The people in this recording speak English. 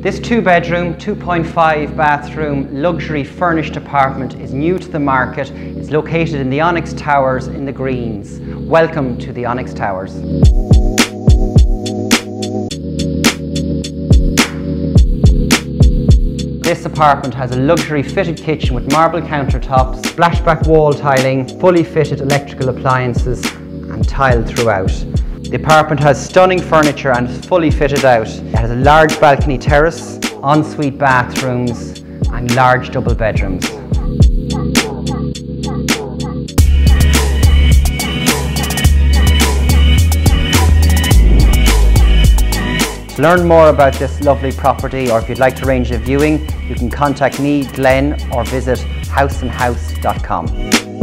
This two bedroom, 2.5 bathroom, luxury furnished apartment is new to the market. It's located in the Onyx Towers in the Greens. Welcome to the Onyx Towers. This apartment has a luxury fitted kitchen with marble countertops, splashback wall tiling, fully fitted electrical appliances and tile throughout. The apartment has stunning furniture and is fully fitted out. It has a large balcony terrace, ensuite bathrooms and large double bedrooms. To learn more about this lovely property or if you'd like to arrange a viewing, you can contact me, Glenn, or visit houseandhouse.com.